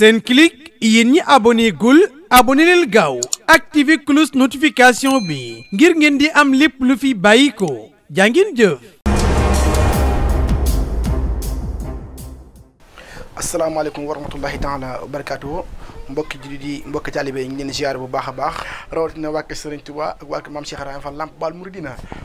Senclic yéen ñi abonné gul abonné gaaw ak activé cloche notification bi ngir ngeen di am lépp lu fi bàyyi ko jàngin jëf asalaamaaleykum wa rahmatullahi taala wa barakaatu mbokki jullit yi mbokki taalibe yi ñu leen ziar bu baax a baax rawatina waa kër Serigne Touba ak waa kër Maam Cheikh Ibrahima Fall Lamp Baal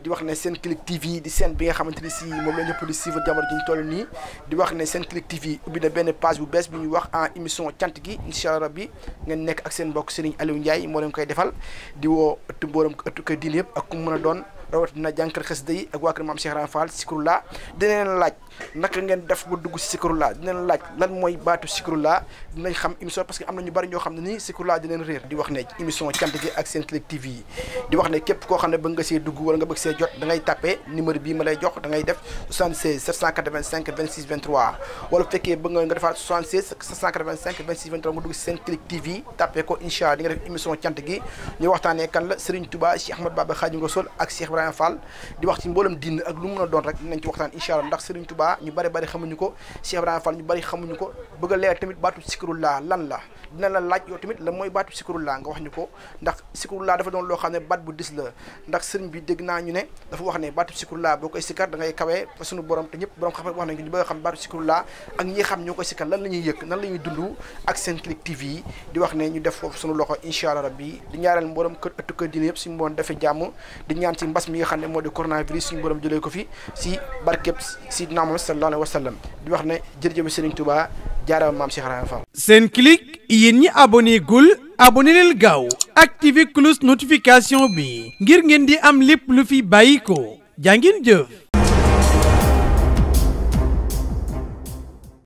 di wax ne Senclic TV di seen bi nga xamante ne si moom la ñëpp di suivre jamono ñu toll nii di ne Senclic TV ubbi benn page bu bees bu ñuy wax en émission cant gi incha allah rabbi nekk ak seen mbokk Serigne Aliou Ndiaye moo leen koy defal di woo ëttu mbooram ëttu kër diine yëpp ak ku mu mën a doon rawatina jànkar xasida yi ak waa kër Maam Cheikh Ibrahima Fall Sikurla laaj naka ngeen def ba dugg si sikrullah dinañ laaj xam émission na ñu bari ñoo xam ne nii sikrullah dinañ ne émission cant gi ak seen clic TV yi di wax ne képp koo xam ne bëgg nga see dugg wala nga bëgg see jot da ngay tapé numéro ma lay jox da def 76 785 26 23 wala bu ko incha allah di nga def émission cant gi ñu waxtaanee kan la Serigne Touba Cheikh Ahmad Baba Khadim Rassoul ak ak lu mu a Touba ñu bari bari xamuñu ko Cheikh Ibrahima ñu bari xamuñu ko bëgg a leer tamit baatu sikrullah lan la dina la laaj yow tamit lan mooy baatu sikrullah nga wax ñu ko ndax sikrullah dafa doon loo xam ne baat bu dis la ndax sëriñ bi dégg naa ñu ne dafa wax ne baatu sikrullah boo koy sikkar da ngay kawee suñu a xam baatu sikrullah ak ñi xam ñoo koy sikkar lan la ñuy nan la ñuy dund ak seen clic TV yi di wax ne ñu def foofu sunu loxo incha allah bi di ñaareel mboolem kër ëttu kër diine yëpp suñu mboon defee jàmm di ñaan ci mbas ne moo di coronavirus suñu borom ko fi Muhammad sallallahu alayhi wa sallam di wax ne jërëjëf Serigne Touba jaaraama maam Cheikh Rahane Fall. yéen ñi abonné gul abonné leen gaaw activé cloche notification bi ngir ngeen di am lépp lu fi bàyyi ko jaa ngeen jëf.